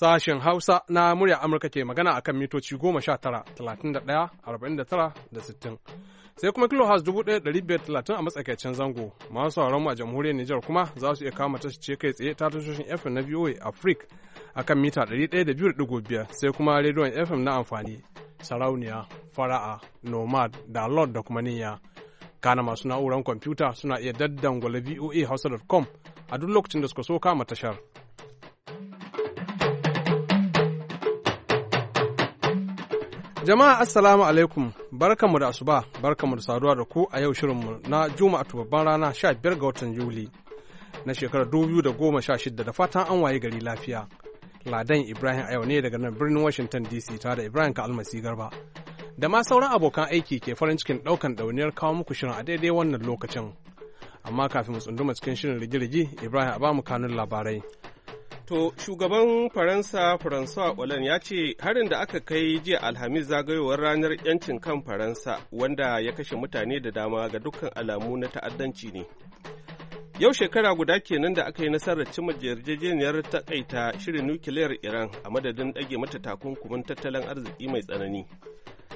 Sashen Hausa na murya Amurka ke magana akan mitoci goma sha tara, talatin da ɗaya, arba'in da tara da sittin. Sai kuma kilohas dubu ɗaya ɗari biyar talatin a matsakaicin zango. Masu sauraron a jamhuriyar Nijar kuma za su iya kama tashoce kai tsaye ta tashoshin FM na VOA a akan mita ɗari ɗaya da biyu ɗigo biyar sai kuma rediyon FM na amfani. Sarauniya, Fara'a, Nomad, da Lord da kuma Niyya. Kana masu na'urar kwamfuta suna iya daddangwala voa hausa.com a duk lokacin da suka so kama tashar. Jama'a Assalamu alaikum barkanmu da asuba barkanmu da saduwa da ku a yau shirinmu na Juma'a babban rana sha biyar ga watan Yuli na shekarar 2016 da fatan an waye gari lafiya. Ladan Ibrahim a yau ne daga nan birnin Washington DC ta da Ibrahim ka almasi garba. Da ma sauran abokan aiki ke farin cikin ɗaukan ɗauniyar kawo muku shirin a daidai wannan lokacin. Amma kafin mu tsunduma cikin shirin rigirigi, Ibrahim a ba mu kanun labarai. To, shugaban Faransa François Hollande ya ce harin da aka kai jiya Alhamis zagayowar ranar 'yancin kan Faransa wanda ya kashe mutane da dama ga dukkan alamu na ta'addanci ne. Yau shekara guda kenan da aka yi nasarar cimma yarjejeniyar takaita shirin nukiliyar Iran a madadin ɗage mata takunkumin tattalin arziki mai tsanani.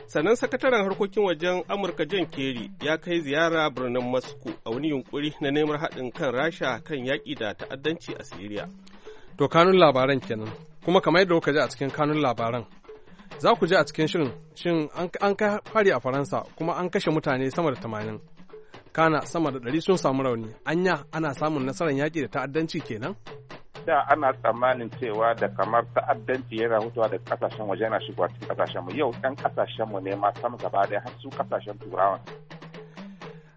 sannan sakataren harkokin wajen amurka john kerry ya kai ziyara birnin moscow a wani yunkuri na neman haɗin kan rasha kan yaƙi da ta'addanci a siriya To kanun labaran kenan. Kuma kamar yadda kuka ji a cikin kanun labaran. Za ku ji a cikin shirin shin an kai fari a Faransa kuma an kashe mutane sama da tamanin. Kana sama da ɗari sun samu rauni. Anya ana samun nasarar yaƙi da ta'addanci kenan? Da ana tsammanin cewa da kamar ta'addanci yana hutuwa da kasashen waje yana shigowa cikin kasashen mu yau ɗan kasashen mu ne ma sama gaba ɗaya har su kasashen turawan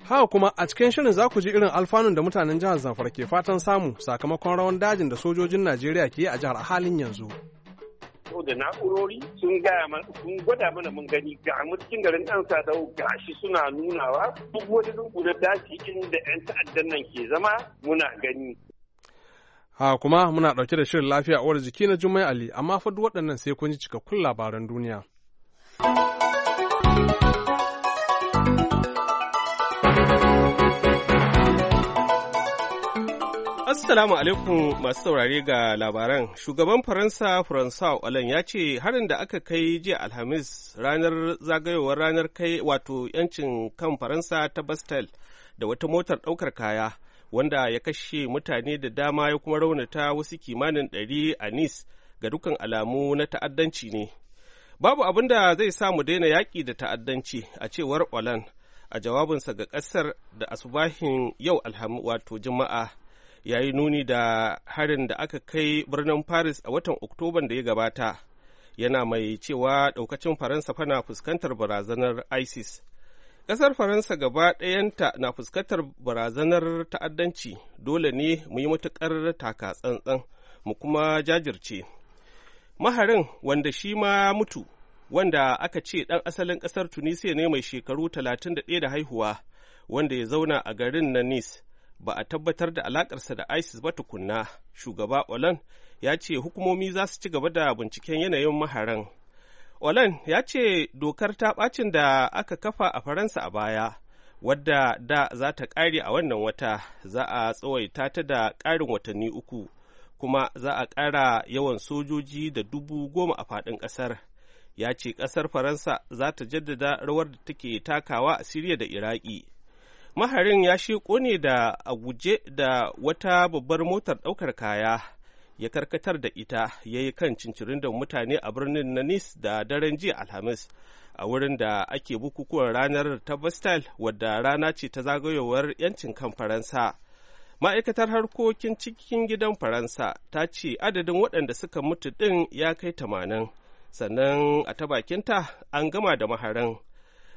Haka kuma a cikin shirin za ku ji irin alfanun da mutanen jihar Zamfara ke fatan samu sakamakon rawan dajin da sojojin Najeriya ke yi a jihar a halin yanzu. da na'urori sun gaya mana sun gwada mana mun gani ga cikin garin ɗan sadau gashi suna nunawa duk wani dubu na daji inda 'yan ta'addan nan ke zama muna gani. Ha kuma muna ɗauke da shirin lafiya uwar jiki na Jummai Ali amma fa duk waɗannan sai kun ji cikakkun labaran duniya. Assalamu alaikum masu saurare ga labaran. Shugaban Faransa Faransa Olan ya ce harin da aka kai jiya Alhamis ranar zagayowar ranar kai wato yancin kan Faransa ta Bastel da wata motar ɗaukar kaya wanda ya kashe mutane da dama ya kuma raunata wasu kimanin ɗari a Nice ga dukkan alamu na ta'addanci ne. Babu abin da zai sa mu daina yaƙi da ta'addanci a cewar Olan a jawabinsa ga ƙasar da asubahin yau Alhamis wato Juma'a. ya yi nuni da harin da aka kai birnin paris a watan oktoban da ya gabata yana mai cewa daukacin faransa fana fuskantar barazanar isis ƙasar faransa gaba ɗayanta na fuskantar barazanar ta'addanci dole ne mu yi matuƙar taka tsantsan mu kuma jajirce maharin wanda shi ma mutu wanda aka ce ɗan asalin ƙasar tunisia ne mai shekaru 31 da haihuwa wanda ya zauna a garin na nice ba a tabbatar da alakarsa da isis ba tukunna shugaba olan ya ce hukumomi za su ci gaba da binciken yanayin maharan olan ya ce dokar ta bacin da aka kafa a faransa a baya wadda da za ta ƙare a wannan wata za a tsawaita ta da ƙarin watanni uku kuma za a ƙara yawan sojoji da dubu goma a faɗin ƙasar ya ce ƙasar faransa za ta jaddada rawar da take takawa a siriya da iraki maharin ya shi ne da a guje da wata babbar motar ɗaukar kaya ya karkatar da ita ya yi kan cincirin da mutane a birnin na nice da daren jiya alhamis a wurin da ake bukukuwan ranar ta bastel wadda rana ce ta zagayowar 'yancin kan faransa ma'aikatar harkokin cikin gidan faransa ta ce adadin waɗanda suka mutu ɗin ya kai tamanin sannan a ta bakinta an gama da maharin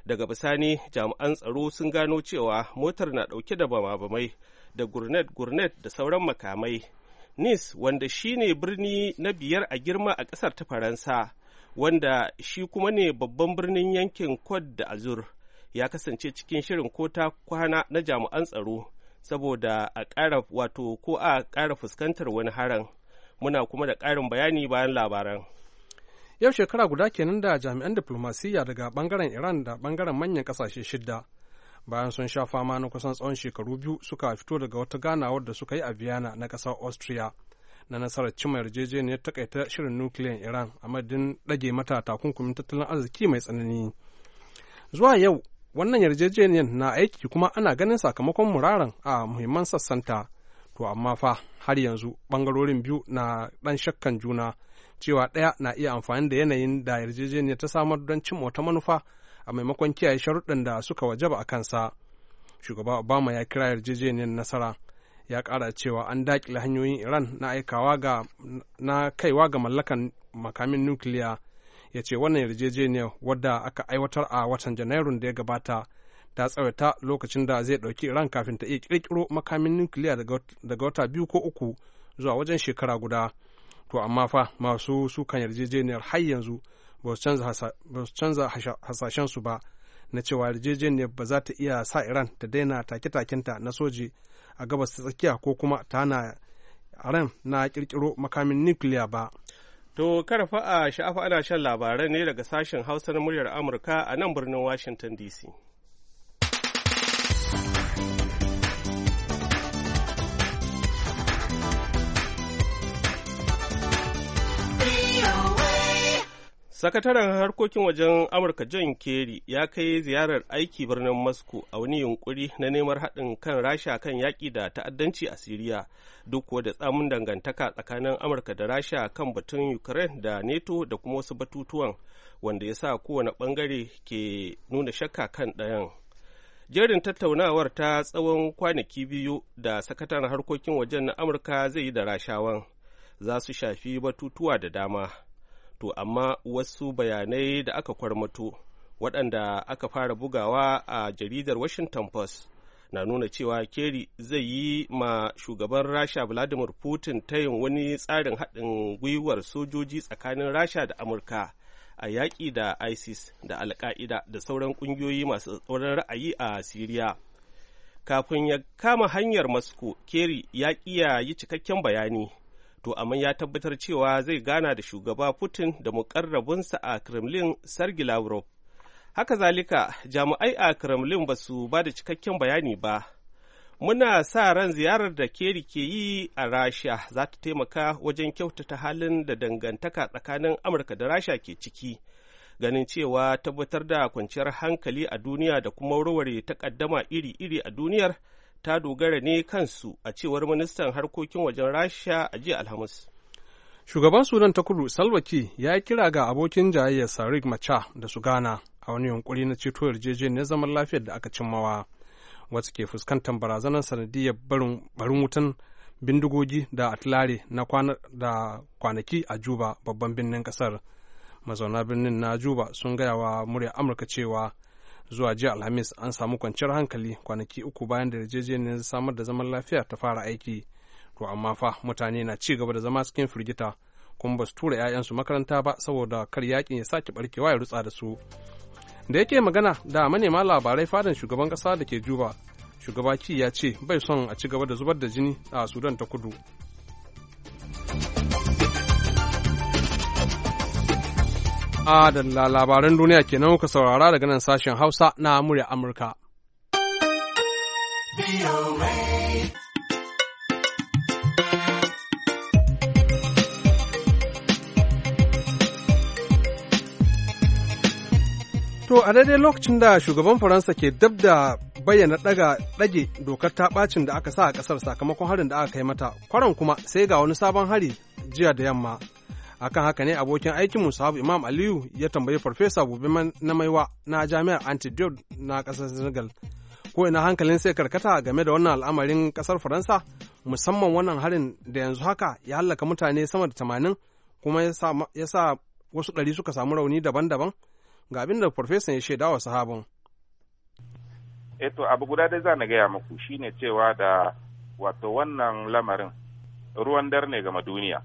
daga bisani jami'an tsaro sun gano cewa motar na ɗauke da bama-bamai da gurnet-gurnet da sauran makamai nice wanda shine birni na biyar a girma a ƙasar ta faransa wanda shi kuma ne babban birnin yankin Côte da Azur ya kasance cikin shirin kota kwana na jami'an tsaro saboda a ƙara wato ko a ƙara fuskantar wani haran muna kuma da ƙarin bayani bayan labaran. yau shekara guda kenan da jami'an diplomasiyya daga bangaren iran da bangaren manyan kasashe shidda bayan sun sha fama na kusan tsawon shekaru biyu suka fito daga wata ganawar da suka yi a vienna na ƙasar austria na nasarar cimma yarjejeniyar takaita shirin nukiliyan iran a madadin ɗage mata takunkumin tattalin arziki mai tsanani zuwa yau wannan yarjejeniyar na aiki kuma ana ganin sakamakon muraran a muhimman sassanta to amma fa har yanzu ɓangarorin biyu na ɗan shakkan juna cewa ɗaya na iya amfani da yanayin da yarjejeniyar ta samar don cimma wata manufa a maimakon kiyaye sharuɗan da suka wajaba a kansa shugaba obama ya kira yarjejeniyar nasara ya ƙara cewa an daƙile hanyoyin iran na aikawa ga na kaiwa ga mallakan makamin nukiliya ya ce wannan yarjejeniyar wadda aka aiwatar a watan janairun da ya gabata ta tsawaita lokacin da zai ɗauki iran kafin ta iya ƙirƙiro makamin nukiliya daga wata biyu ko uku zuwa wajen shekara guda to amma fa masu sukan yarjejeniyar har yanzu ba su canza hasashensu ba na cewa yarjejeniyar ba za ta iya sa iran ta daina take-takenta na soji a gabas ta tsakiya ko kuma ta na ran na kirkiro makamin nukiliya ba to karfa a sha'afa ana shan labarai ne daga sashen hausa muryar amurka a nan birnin washington dc sakataren harkokin wajen amurka john kerry ya kai ziyarar aiki birnin moscow a wani yunkuri na neman haɗin kan rasha kan yaƙi da ta'addanci a siriya duk da tsamin dangantaka tsakanin amurka da rasha kan batun ukraine da Nato da kuma wasu batutuwan wanda ya sa kowane ɓangare ke nuna shakka kan ɗayan jerin tattaunawar ta tsawon kwanaki biyu da sakataren harkokin wajen na amurka zai yi da rashawan za su shafi batutuwa da dama to amma wasu bayanai da aka kwarmato waɗanda aka fara bugawa a jaridar washington post na nuna cewa kerry zai yi ma shugaban rasha vladimir putin ta yin wani tsarin haɗin gwiwar sojoji tsakanin rasha da amurka a yaƙi da isis da alka'ida da sauran ƙungiyoyi masu tsoron ra'ayi a siriya kafin ya kama hanyar moscow kerry ya ƙiya yi cikakken bayani to amma ya tabbatar cewa zai gana da shugaba putin da mukarrabinsa a kremlin sergei lavrov haka zalika jami'ai a kremlin ba su ba da cikakken bayani ba muna sa ran ziyarar da keri ke yi a rasha za ta taimaka wajen kyautata halin da dangantaka tsakanin amurka da rasha ke ciki ganin cewa tabbatar da kwanciyar hankali a duniya da kuma warware takaddama iri-iri a duniyar ta dogara ne kansu a cewar ministan harkokin wajen rasha a jiya alhamis shugaban sudan ta kudu salwaki ya yi kira ga abokin jayayya sarik macha da su gana a wani yunkuri na ceto yarjejeniyar zaman lafiyar da aka cimmawa wasu ke fuskantar barazanar sanadiyar barin wutan bindigogi da atilare na kwanaki a juba babban birnin kasar mazauna birnin na juba sun gaya wa murya amurka cewa zuwa jiya alhamis an samu kwanciyar hankali kwanaki uku bayan da yarjejeniyar samar da zaman lafiya ta fara aiki to amma fa mutane na ci gaba da zama cikin firgita kuma ba su tura 'ya'yansu makaranta ba saboda kar yakin ya sake barkewa ya rutsa da su da yake magana da manema labarai fadan shugaban kasa da ke juba shugaba ki ya ce bai son a ci gaba da zubar da jini a sudan ta kudu Adalla labaran duniya kenan kuka saurara daga nan sashen Hausa na murya Amurka. To a daidai lokacin da shugaban Faransa ke dab da bayyana daga ɗage dokar ta bacin da aka sa a ƙasar sakamakon harin da aka kai mata, kwaran kuma sai ga wani sabon hari jiya da yamma. akan haka ne abokin aikin musahabu imam aliyu ya tambayi farfesa gobe na maiwa na jami'ar antidote na kasar senegal ko ina hankalin sai karkata game da wannan al'amarin kasar faransa musamman wannan harin da yanzu haka ya hallaka mutane sama da tamanin kuma ya sa wasu ɗari suka samu rauni daban-daban ga abin da farfesan ya shaidawa sahabin. eto eh abu guda dai za na gaya muku shine cewa da wato wannan lamarin ruwan dare ne gama duniya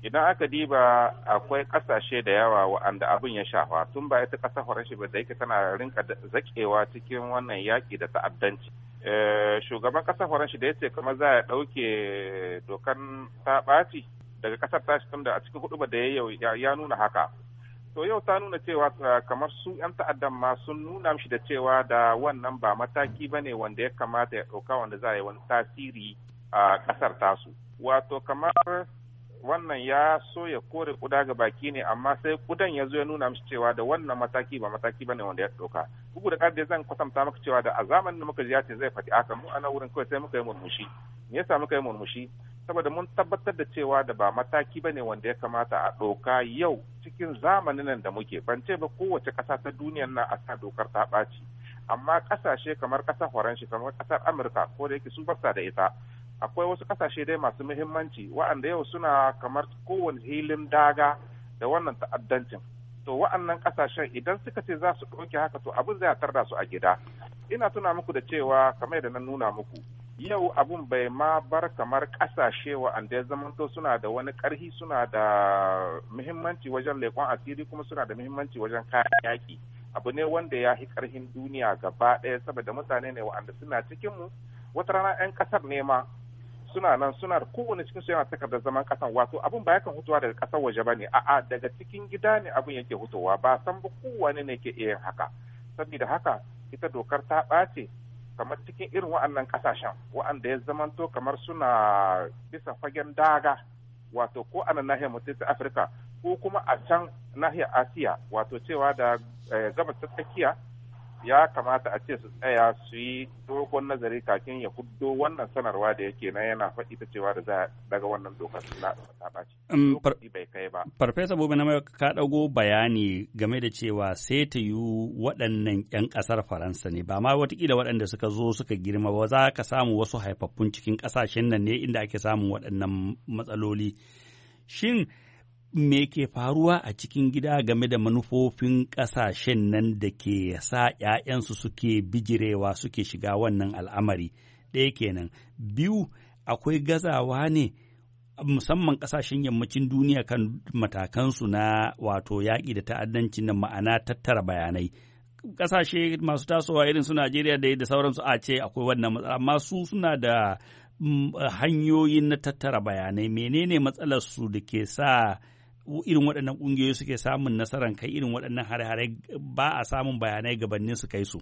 idan aka diba akwai kasashe da yawa wa'anda abin ya shafa tun ba ita kasa horashi ba da yake tana rinka zakewa cikin wannan yaƙi da ta'addanci eh, shugaban kasa horashi da ya ce kamar za a dauke dokan ta daga ƙasar tashi tunda a cikin hudu da ya nuna haka to yau ta nuna cewa eh, kamar su 'yan ta'addan ma sun nuna mishi da cewa da wannan ba mataki ba ne wanda ya kamata ya ɗauka wanda za a yi wani tasiri a kasar tasu wato kamar wannan ya so ya kore kuda ga baki ne amma sai kudan ya zo ya nuna mishi cewa da wannan mataki ba mataki bane wanda ya doka bugu da ƙarfi zan kwatanta maka cewa da a zamanin da muka ji ce zai faɗi haka mu ana wurin kawai sai muka yi murmushi me yasa muka yi murmushi saboda mun tabbatar da cewa da ba mataki bane wanda ya kamata a doka yau cikin zamanin nan da muke ban ce ba kowace kasa ta duniyar na a sa dokar ta ɓaci amma ƙasashe kamar ƙasar Faransa kamar kasar Amurka ko da yake su basa da ita akwai wasu kasashe dai masu muhimmanci wa'anda yau suna kamar kowane hilin daga da wannan ta'addancin to wa'annan kasashen idan suka ce za su ɗauke haka to abin zai tarda su a gida ina tuna muku da cewa kamar da na nuna muku yau abun bai ma bar kamar kasashe wa'anda ya zama zamanto suna da wani ƙarhi suna da muhimmanci wajen leƙon asiri kuma suna da muhimmanci wajen kayan yaƙi abu ne wanda ya fi ƙarhin duniya gaba ɗaya saboda mutane ne wa'anda suna cikinmu wata rana 'yan ƙasar ne ma suna nan suna da kowane cikin su yana takarda zaman kasan wato abun ba yakan hutuwa daga kasar waje ba ne a'a daga cikin gida ne abun yake hutowa ba san ba kowane ne ke iya haka saboda haka ita dokar ta ɓace kamar cikin irin wa'annan kasashen wa'anda ya zamanto kamar suna bisa fagen daga wato ko a nan nahiyar mutum ta afirka ko kuma a can nahiyar asiya wato cewa da eh, gabas ta tsakiya ya kamata a ce su tsaya su yi dogon nazari kafin ya huddo wannan sanarwa da yake na yana faɗi ta cewa da za a daga wannan dokar na ta ɓaci. Um, bai kai ba. Farfesa Bobi na ka ɗago bayani game da cewa sai ta yi waɗannan 'yan ƙasar Faransa ne ba ma watakila waɗanda suka zo suka girma ba za ka samu wasu haifaffun cikin ƙasashen nan ne inda ake samun waɗannan matsaloli. Shin me ke faruwa a cikin gida game da manufofin ƙasashen nan da ke sa ‘ya'yansu suke bijirewa suke shiga wannan al'amari ɗaya kenan biyu akwai gazawa ne musamman ƙasashen yammacin duniya kan matakansu na wato yaƙi da ta'addanci na ma'ana tattara bayanai ƙasashe masu tasowa irin su najeriya da da sauransu a ce akwai wannan matsala amma su suna da mm, hanyoyin na tattara bayanai menene matsalar su da ke sa irin waɗannan ƙungiyoyi suke samun nasarar kai irin waɗannan hare-hare ba a samun bayanai gabanin su kai su.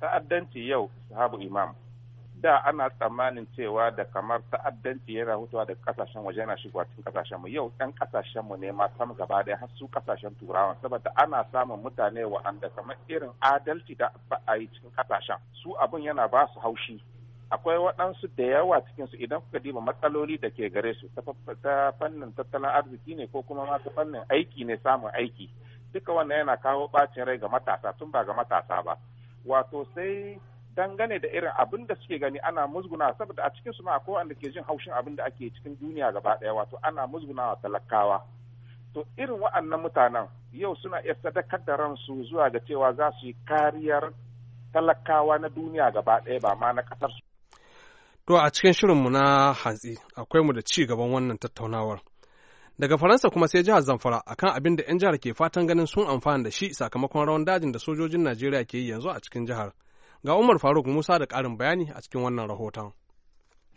Ta'addanci yau, sahabu imam, da ana tsammanin cewa da kamar ta'addanci yana hutuwa da kasashen waje yana shigowa cikin kasashen mu yau ɗan kasashen mu ne ma sam gaba ɗaya har su kasashen turawan saboda ana samun mutane wa'anda kamar irin adalci da ba a yi cikin kasashen su abin yana ba su haushi akwai waɗansu da yawa cikinsu idan kuka diba matsaloli da ke gare su ta fannin tattalin arziki ne ko kuma ma ta fannin aiki ne samun aiki duka wannan yana kawo bacin rai ga matasa tun ba ga matasa ba wato sai dangane da irin abin da suke gani ana musguna saboda a cikin su ma akwai wanda ke jin haushin abin da ake cikin duniya gaba ɗaya wato ana wa talakawa to irin wa'annan mutanen yau suna iya sadakar da ransu zuwa ga cewa za su yi kariyar talakawa na duniya gaba ɗaya ba ma na ƙasar su To a cikin shirinmu na hantsi akwai mu da ci gaban wannan tattaunawar. Daga Faransa kuma sai jihar Zamfara akan abin da 'yan jihar ke fatan ganin sun amfana da shi sakamakon rawan dajin da sojojin Najeriya ke yi yanzu a cikin jihar. Ga Umar Faruk Musa da ƙarin bayani a cikin wannan rahoton.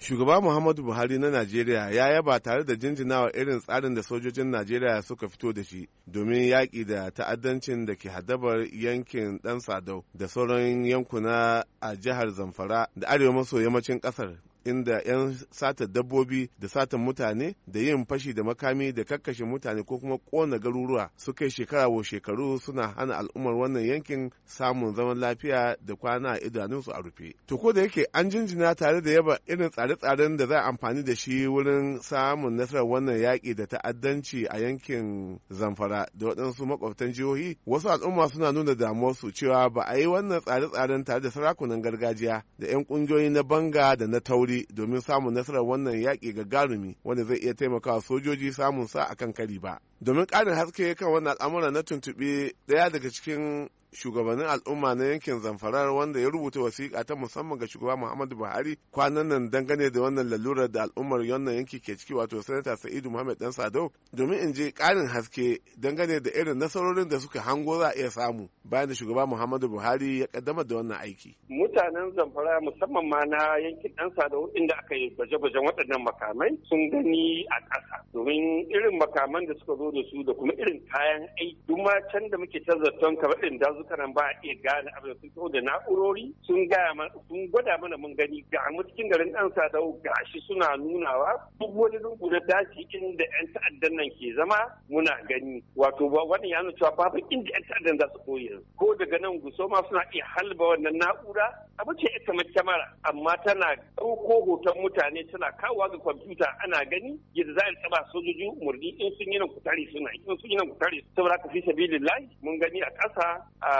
shugaba muhammadu buhari na najeriya ya yaba tare da jinjinawa irin tsarin da sojojin najeriya suka fito da shi domin yaƙi da ta'addancin da ke haddabar yankin ɗan sadau da sauran yankuna a jihar zamfara da arewa maso yammacin ƙasar inda 'yan sata dabbobi da satan mutane da yin fashi da makami da kakkashe mutane ko kuma kona garuruwa suka yi shekara wa shekaru suna hana al'ummar wannan yankin samun zaman lafiya da kwana a idanunsu a rufe. To ko da yake an jinjina tare da yaba irin tsare-tsaren da za a amfani da shi wurin samun nasarar wannan yaƙi da ta'addanci a yankin Zamfara da waɗansu makwabtan jihohi wasu al'umma suna nuna damuwarsu cewa ba a yi wannan tsare-tsaren tare da sarakunan gargajiya da 'yan ƙungiyoyi na banga da na tauri hankali domin samun nasarar wannan yaƙi gagarumi wanda zai iya taimakawa sojoji samun sa akan kari ba. Domin ƙarin haske kan wannan al'amura na tuntuɓe ɗaya daga cikin shugabannin al'umma na yankin zamfarar wanda ya rubuta wasiƙa ta musamman ga shugaba muhammadu buhari kwanan nan dangane da wannan lalurar da al'ummar yannan yanki ke ciki wato sanata sa'idu muhammad dan sadau domin in je ƙarin haske dangane da irin nasarorin da suka hango za a iya samu bayan da shugaba muhammadu buhari ya kaddamar da wannan aiki mutanen zamfara musamman ma na yankin dan sadau inda aka yi baje-bajen waɗannan makamai sun gani a ƙasa domin irin makaman da suka zo da su da kuma irin kayan aiki duk ma can da muke canza ton kamar irin dazu karan ba a iya gane abin sun taho da na'urori sun gaya sun gwada mana mun gani ga mu garin ɗan sadau gashi suna nunawa duk wani lungu na daji inda 'yan ta'addan nan ke zama muna gani wato wannan ya nuna cewa babu inda 'yan ta'addan za su koyi ko daga nan guso ma suna iya halba wannan na'ura abu ce kamar kyamara amma tana ɗauko hoton mutane tana kawowa ga kwamfuta ana gani yadda za a taba sojoji umarni in sun yi nan kutare suna in sun yi nan kutare saboda ka fi sabilillahi mun gani a ƙasa a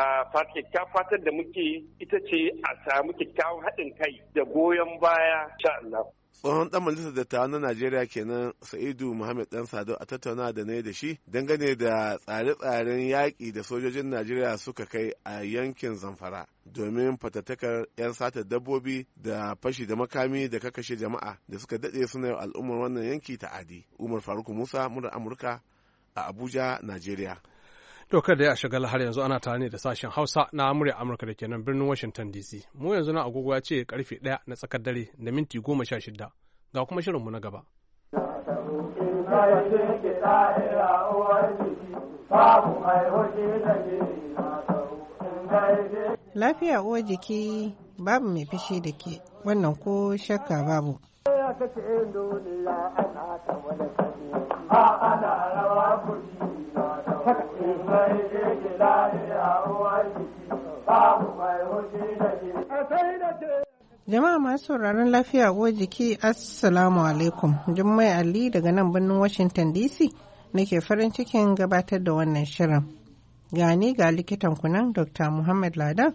fatar da muke ita ce a samu kyakkyawan haɗin kai da goyon baya sha Allah. tsohon dan majalisar da na najeriya kenan sa'idu muhammad dan sado a tattauna da na da shi dangane da tsare-tsaren yaƙi da sojojin najeriya suka kai a yankin zamfara domin fatattakar 'yan sata dabbobi da fashi da makami da kakashe jama'a da suka daɗe suna yau al'ummar wannan yanki ta ta'adi umar faruk musa murar amurka a abuja najeriya To kada ya shagala har yanzu ana tare ne da sashen Hausa na murya Amurka da kenan birnin Washington DC. Mu yanzu na agogo ya ce karfe daya na tsakar dare da minti goma sha Ga kuma shirinmu na gaba. Lafiya uwa jiki babu mai fishi da ke wannan ko shakka babu. ana rawa Jama'a masu sauraron lafiya uwar jiki Assalamu alaikum. Jummai Ali daga nan birnin Washington DC nake farin cikin gabatar da wannan shirin. Gani ga likitan kunan Dr. Muhammad Ladan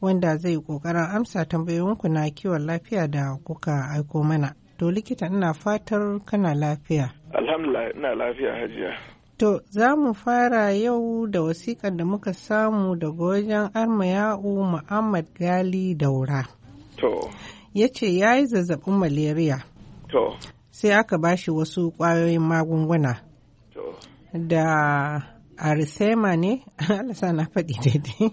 wanda zai kokarin amsa tambayoyin ku na kiwon lafiya da kuka aiko mana. To likita ina fatar kana lafiya. Alhamdulillah ina lafiya hajiya. To, za mu fara yau da wasiƙar da muka samu daga wajen armayau Muhammad Gali Daura. To. Ya ce ya yi zazzabin malaria. To. Sai aka ba shi wasu ƙwayoyin magunguna. To. Da arisema ne, alasa na faɗi daidai.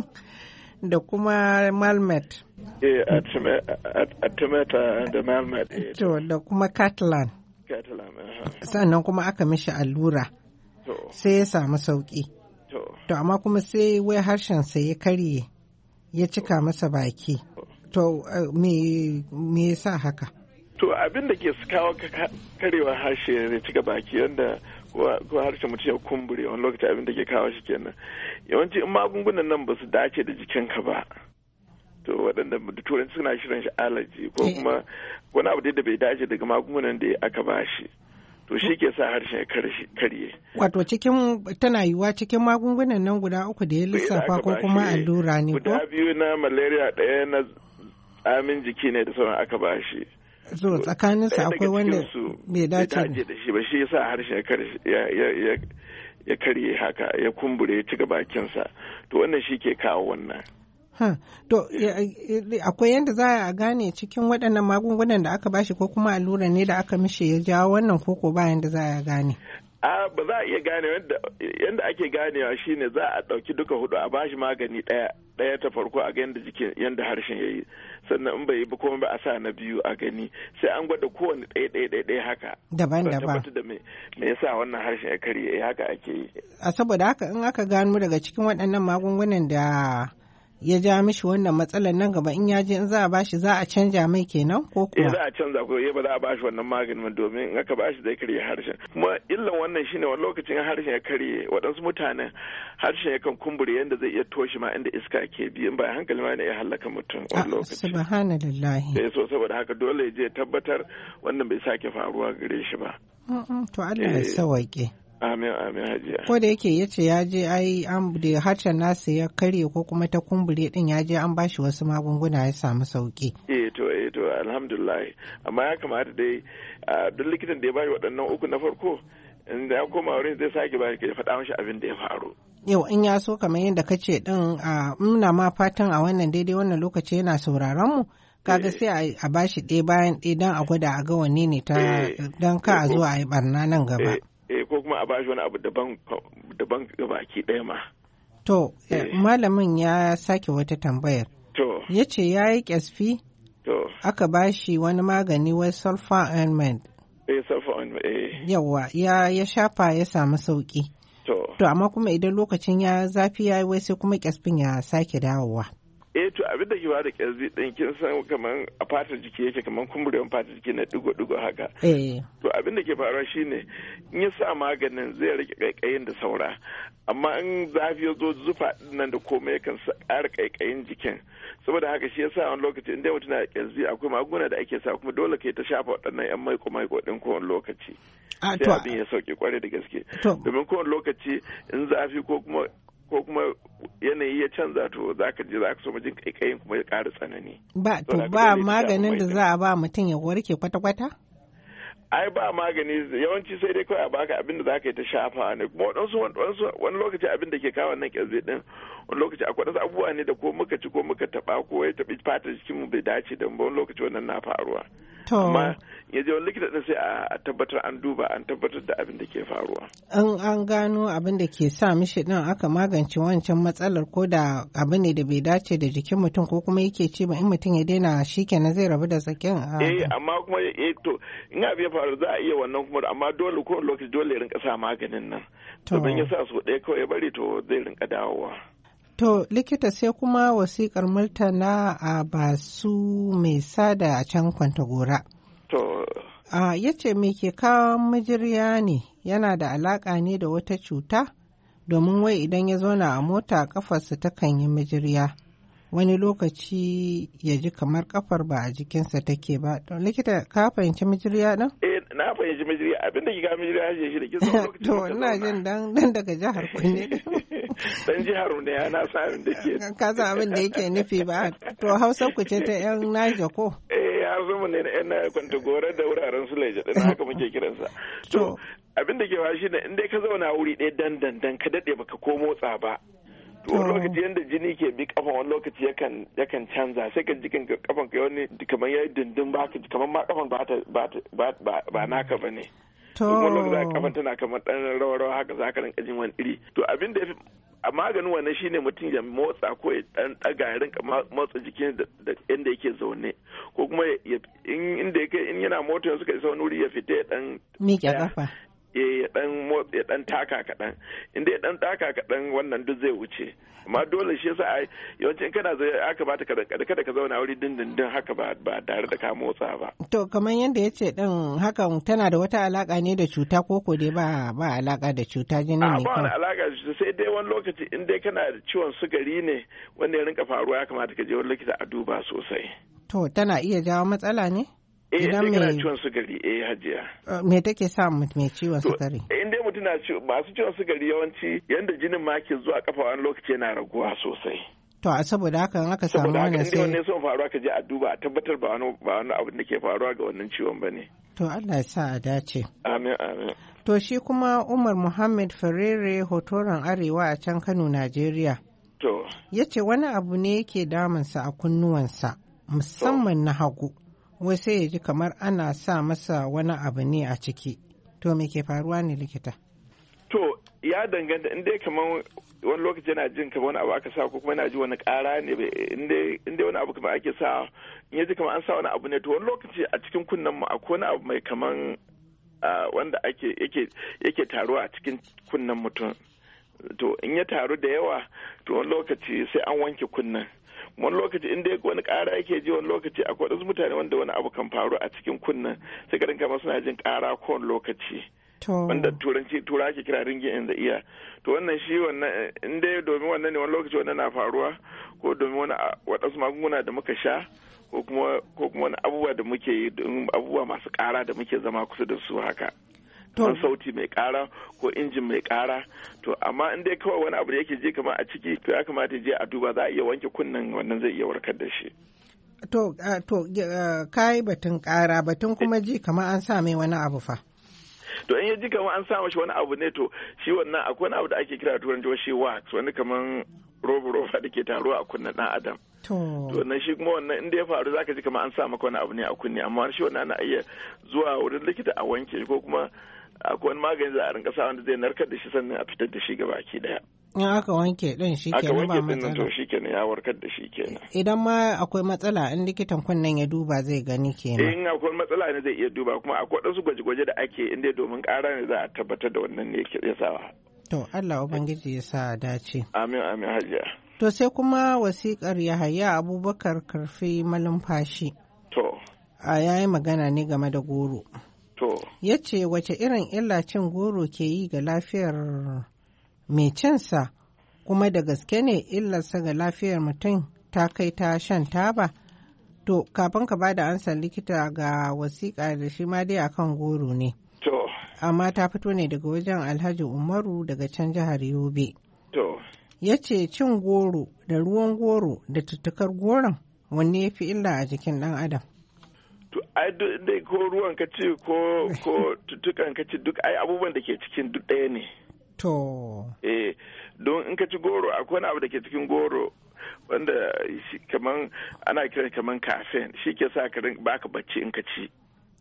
da kuma Malmet. Eh, Atimeta da Malmet. Eh. To, da kuma Catalan. sannan kuma aka mishi allura sai ya samu sauƙi to amma kuma sai wai harshensa ya karye ya cika masa baki to eh, me ya sa haka to abin da ke kawo karewa harshe ne cika baki wanda ko harshen mutum ya kumbure wani lokaci abin da ke kawo shi kenan yawanci in magungunan nan ba su dace da jikinka ba to waɗanda da turanci suna shirin shi allergy ko kuma wani abu da bai dace daga magungunan da aka ba shi to shi ke sa harshen ya karye. Wato cikin tana yiwuwa cikin magungunan nan guda uku da ya lissafa ko kuma allura ne ko? Guda biyu na malaria ɗaya na tsamin jiki ne da sauran aka ba shi. So tsakaninsu akwai wanda bai dace da shi ba shi ya sa harshen ya karye haka ya kumbure ya ci bakinsa to wannan shi ke kawo wannan. To, akwai yadda za a gane cikin waɗannan magungunan da aka bashi ko kuma allura ne da aka mishi ya jawo wannan koko ba yadda za a gane? A ba za a iya gane yadda ake ganewa shine za a ɗauki duka hudu a bashi magani ɗaya ɗaya ta farko a ga yadda jikin yadda harshen ya yi sannan in bai yi ba kuma ba a sa na biyu a gani sai an gwada kowane ɗaya ɗaya ɗaya ɗaya haka daban daban da me me yasa wannan harshen ya karye eh, haka ake yi a saboda haka in aka gano daga cikin waɗannan magungunan da ya ja mishi wannan matsalar nan gaba in ya je in za a bashi za a canja mai kenan ko kuwa? Eh, za a canza ko eh, ba za a bashi wannan maganin domin in aka bashi zai karye harshen kuma illan wannan shine wani lokacin harshen ya karye waɗansu mutanen harshen yakan kumbure yanda zai iya toshi ma inda iska ke bi in ba hankali ma ne ya halaka mutum wani ah, lokaci subhanallahi sai eh, so saboda haka dole ya je tabbatar wannan bai sake faruwa gare shi ba to Allah ya sawaike Amin amin hajiya. Ko da yake ya ce ya je ai an da harshen nasa ya karye ko kuma ta kumbure din ya je an bashi wasu magunguna ya samu sauki. Eh to eh to alhamdulillah amma ya kamata dai duk likitan da ya bashi waɗannan uku na farko in da ya koma wurin zai sake bayan ka faɗa mashi abin da ya faru. Yau in ya so kamar yadda ka ce din muna ma fatan a wannan daidai wannan lokaci yana sauraron mu. kaga eh. sai a bashi ɗaya bayan ɗaya don a gwada a ga wanne ne ta eh. don ka a zuwa a yi barna nan gaba. Eh. kuma a bashi wani abu daban gabaki ɗaya ma. To, eh, eh. malamin ya sake wata tambayar. To. Ya ce ya yi ƙyasfi? To. Aka bashi wani magani wai sulfur ointment. Eh, sulfur ointment, eh. Yawwa, ya, ya shafa ya samu sauƙi. To. To, amma kuma idan lokacin ya zafi ya yi wai sai kuma kyasfin ya sake dawowa. eh to abin da ba da kyarbi din kin san kamar a fatar jiki yake kamar kumburewan fatar jiki na digo digo haka eh. to abin da ke faruwa shine in ya sa maganin zai rike kaikayin da saura amma in zafi ya zo zufa nan da komai yakan ƙara kaikayin jikin saboda haka shi yasa wani lokaci inda mutum na kyarbi akwai magunguna da ake sa kuma dole kai ta shafa waɗannan yan maiko maiko din kowane lokaci sai abin ya sauke kwarai da gaske domin kowane lokaci in zafi ko kuma ko kuma yanayi ya canza to za ka je za ka so jin kaikayin kuma ya ƙara tsanani. Ba to ba maganin da za a ba mutum ya warke kwata-kwata? ai ba magani yawanci sai dai kawai a baka abin da za ka yi ta shafa ne kuma waɗansu wani lokaci abin da ke kawo nan kyanzu ɗin wani lokaci akwai wadansu abubuwa ne da ko muka ci ko muka taɓa, ko ya tabi fata jikinmu bai dace da ba wani lokaci wannan na faruwa amma ya je wani likita din sai a tabbatar an duba an tabbatar da abin da ke faruwa an an gano abin da ke sa mishi din aka magance wancan matsalar ko da abin ne da bai dace da jikin mutum ko kuma yake ce ba in mutum ya daina shikenan zai rabu da sakin eh amma kuma eh to in abin ya faru za a iya wannan kuma amma dole ko lokaci dole ya rinka sa maganin nan to ya sa su ɗaya kawai ya bari to zai rinka dawowa To likita sai kuma wasiƙar Murtala a basu mai sada a can kwanta To. Uh, ya ce me ke kawo majirya ne yana da alaƙa ne da wata cuta? Domin wai idan ya zauna a mota kafarsa takan yi majirya. Wani lokaci ya ji kamar kafar ba a jikinsa take ba. To Likita ka fahimci majirya ɗin? Eh, na fahimci majirya abinda ki ga majirya shi da kisa. To, ina jin dan daga jihar kunne. dan jihar ne ana samun da ke ka san abin da yake nufi ba to hausa ku ce ta yan naija ko eh zo mu ne na yan naija kwanta gore da wuraren su laija din haka muke kiransa to abin da ke wa shi ne in dai ka zauna wuri ɗaya dandan dan ka dade baka ko motsa ba to wani lokaci yadda jini ke bi kafan wani lokaci yakan canza sai ka jikin kafan ka wani kamar ya dindin ba kamar ma kafan ba naka ba ne kuma lokacin da tana kamar dan rawa-rawa haka za ka rinka jin wani iri to abin da ya a maganin wannan shine mutum ya motsa ko ya dan daga ya rinka motsa jikin da inda yake zaune ko kuma in inda yake in yana mota suka isa wani wuri ya fita ya dan miƙe kafa ya dan ya dan taka kaɗan inda ya dan taka kaɗan wannan duk zai wuce amma dole shi yasa yawancin kana zai aka bata ka kada ka zauna wuri dindindin haka ba ba tare da ka motsa ba to kamar yadda ya ce din hakan tana da wata alaka ne da cuta ko ko dai ba ba alaka da cuta jini ne ba alaka sai dai wani lokaci in dai kana da ciwon sukari ne wanda ya rinka faruwa ya kamata ka je wani likita a duba sosai to tana iya jawo matsala ne Eh, Idan mai kana ciwon sukari eh hajiya. Ah, me take sa mai ciwon sukari? In dai mutum na masu ciwon sukari yawanci yanda jinin ma ke zuwa kafa wani lokaci yana raguwa sosai. To a saboda haka in aka samu wannan sai saboda haka son faruwa ka je a duba a tabbatar ba wani ba wani abin da ke faruwa ga wannan ciwon bane. To Allah ya sa a dace. Amin amin. To shi kuma Umar Muhammad Ferere hotoron Arewa a can Kano Najeriya. To. Ya ce wani abu ne yake damunsa a kunnuwansa musamman na hagu. wai sai ya ji kamar ana sa masa wani abu ne a ciki to me ke faruwa ne likita to ya danganta in dai kamar wani lokaci yana jin kamar wani abu aka sa ko kuma yana ji wani kara ne in dai wani abu kamar ake sa in ya ji kamar an sa wani abu ne to wani lokaci a cikin kunnen mu akwai wani abu mai kaman wanda ake yake taruwa a cikin kunnen mutum to in ya taru da yawa to wani lokaci sai an wanke kunnen wani lokaci in dai wani ƙara yake ji wani lokaci akwai wasu mutane wanda wani abu kan faru a cikin kunnan sai ka kamar suna jin ƙara kowane lokaci wanda turanci tura ke kira ringin in da iya to wannan shi wannan in dai domin wannan ne wani lokaci wannan na faruwa ko domin wani wadansu magunguna da muka sha ko kuma wani abubuwa da muke yi abubuwa masu ƙara da muke zama kusa da su haka wani mm. sauti mai kara ko injin mai kara to amma in dai kawai wani abu da yake je kamar a ciki to ya kamata je a duba za a iya wanke kunnen wannan zai iya warkar da shi to to kai batun kara batun kuma ji kamar an sa mai wani abu fa to in ya ji kamar an sa mashi wani abu ne to shi wannan akwai wani abu da ake kira turanci wa shi wax wani kaman roba-roba da ke taruwa a kunnen ɗan adam. To wannan shi kuma wannan inda ya faru zaka ji kamar an sa maka wani abu ne a kunne amma shi wannan ana iya zuwa wurin likita a wanke ko kuma akwai wani magani za a rinka sa wanda zai narkar da shi sannan a fitar da shi ga baki daya in aka wanke din shi kenan ba matsala to shi kenan ya warkar da shi kenan idan ma akwai matsala in likitan kunnen ya duba zai gani kenan in akwai matsala ne zai iya duba kuma akwai wasu gwaje-gwaje da ake inda domin ƙara ne za a tabbatar da wannan ne ya sawa to Allah ubangiji ya sa dace amin amin hajiya to sai kuma wasikar Yahaya Abubakar Karfi malumfashi to a yayi magana ne game da goro To. Ya ce wace irin illa cin goro ke yi ga lafiyar mai cinsa kuma da gaske ne illarsa ga lafiyar mutum ta kai ta shan taba? To, kafin ka bada ansan likita ga wasiƙa da shi ma dai akan goro ne. To. Amma ta fito ne daga wajen Alhaji Umaru daga can jihar Yobe. To. Ya ce cin goro da ruwan goro da tuttukar goron wanne ya fi illa a jikin ɗan adam? ai dai ko ruwan ka ci ko ko tutukan ka ci duk ai abubuwan da ke cikin duk ɗaya ne to eh don in ka ci goro akwai wani abu da ke cikin goro wanda kaman ana kiran kaman kafin shi ke sa ka baka bacci in ka ci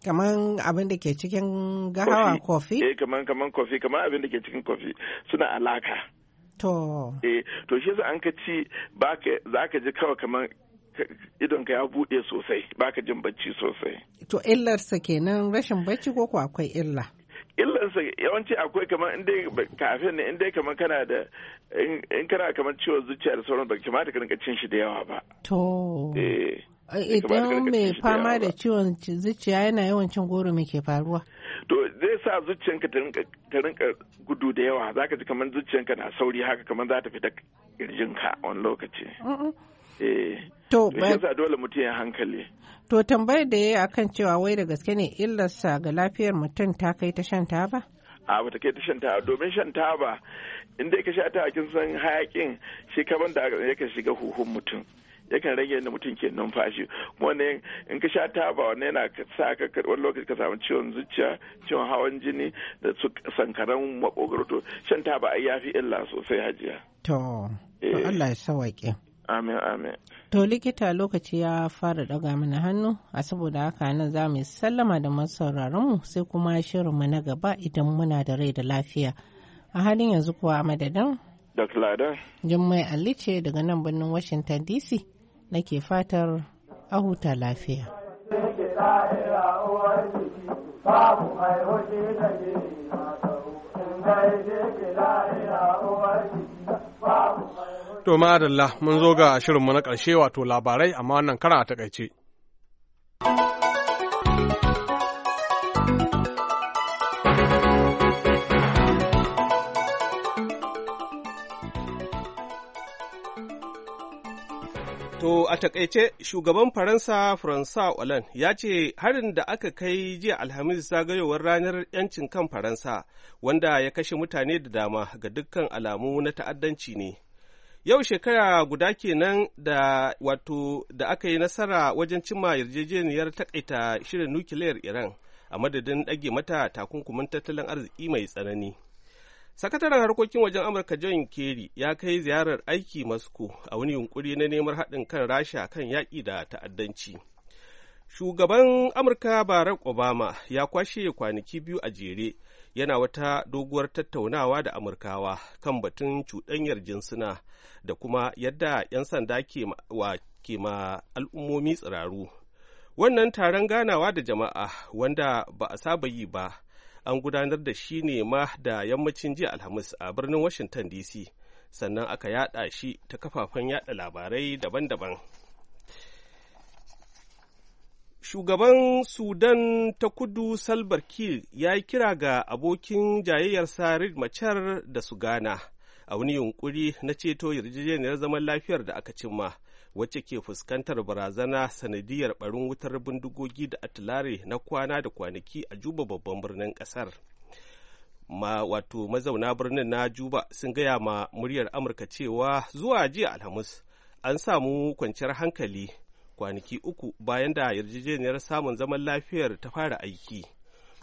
kaman abin da ke cikin gahawa kofi eh kaman kaman kofi kaman abin da ke cikin kofi suna alaka to eh to shi yasa an ka ci baka zaka ji kawai kaman idon ka ya buɗe sosai baka jin bacci sosai. To illarsa kenan rashin bacci ko akwai illa? illarsa yawanci akwai kamar in dai kafin ne in dai kamar kana da in kana kamar ciwon zuciya da sauran baki ma da kanka cin shi da yawa ba. To. Eh, idan mai fama da ciwon zuciya yana yawan cin goro me ke faruwa? To zai sa zuciyanka ta rinka gudu da yawa zaka ji kamar zuciyanka na sauri haka kamar za ta fita kirjinka wani lokaci. Eh. To dole mutum ya hankali. To tambayar da yi akan cewa wai da gaske ne illarsa ga lafiyar mutum ta kai ta shan taba? A bata kai ta shan taba domin shan taba inda ya kashe ta kin san hayakin shi kaban da kan shiga huhun mutum. yakan rage yadda mutum ke numfashi kuma ne in ka sha taba wannan yana sa ka wani lokaci ka samu ciwon zuciya ciwon hawan jini da su sankaran maƙogaro to shan taba ai yafi illa sosai hajiya to eh. Allah ya sawaƙe Amin amin. To likita lokaci ya fara daga mana hannu a saboda haka nan za mu sallama da masauraranmu sai kuma shirinmu na gaba idan muna da rai da lafiya. A halin yanzu kuwa a madadin? Dr. Ladan. Jummai Ali ce daga nan birnin Washington DC nake fatar a huta lafiya. To madalla mun zo ga shirinmu na ƙarshe wato labarai amma wannan kara a takaice. To a takaice shugaban Faransa Faransa Olan ya ce harin da aka kai jiya Alhamis zagayowar ranar 'yancin kan Faransa wanda ya kashe mutane da dama ga dukkan alamu na ta'addanci ne. Yau shekara guda kenan da wato da aka yi nasara wajen cimma yarjejeniyar takaita shirin nukiliyar Iran a madadin ɗage mata takunkumin tattalin arziki mai tsanani. Sakataren harkokin wajen Amurka John Kerry ya kai ziyarar aiki Moscow a wani yunkuri na neman haɗin kan Rasha kan yaƙi da ta'addanci. Shugaban Amurka Barack Obama ya kwashe kwanaki biyu a jere yana wata doguwar tattaunawa da amurkawa kan batun cuɗanyar jinsuna da kuma yadda 'yan sanda ke ma al'ummomi tsiraru wannan taron ganawa da jama'a wanda ba a saba yi ba an gudanar da shi ne ma da yammacin jiya alhamis a birnin washington dc sannan aka yada shi ta kafafen yada labarai daban-daban Shugaban Sudan ta kudu Salbar Kiir ya yi kira ga abokin jayayyarsa Riek Machar da su gana a wani yunkuri na ceto yarjejeniyar zaman lafiyar da aka cimma wacce ke fuskantar barazana sanadiyar barin wutar bindigogi da atilare na kwana da kwanaki a Juba babban birnin kasar. ma wato mazauna birnin na juba sun gaya ma muryar amurka cewa zuwa jiya alhamis an samu kwanciyar hankali kwanaki uku bayan da yarjejeniyar samun zaman lafiyar ta fara aiki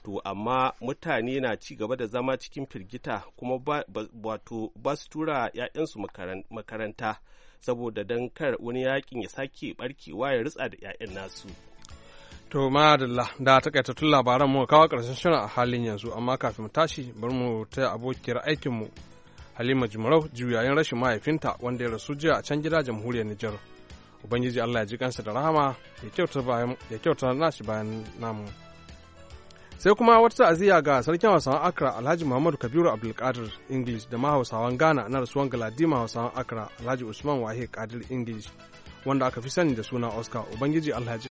to amma mutane na ci gaba da zama cikin firgita kuma wato ba su tura 'ya'yansu makaranta saboda don kar wani yakin ya sake barkewa ya ritsa da 'ya'yan nasu to ma da takaitattun labaran mu kawo karshen shirin a halin yanzu amma kafin mu tashi bari mu ta abokiyar aikinmu halima jimarau juyayin rashin mahaifinta wanda ya rasu jiya a can gida jamhuriyar nijar ubangiji allah ya ji kansa da rahama ya kyauta na nashi bayan namu sai kuma wata ta'aziyya ga sarkin hausawan akra alhaji muhammadu kabiru abdulkadir english da ma hausawan ghana na rasuwan galadima hausawan akra alhaji usman wahe kadir english wanda aka fi sani da suna oscar ubangiji allah ya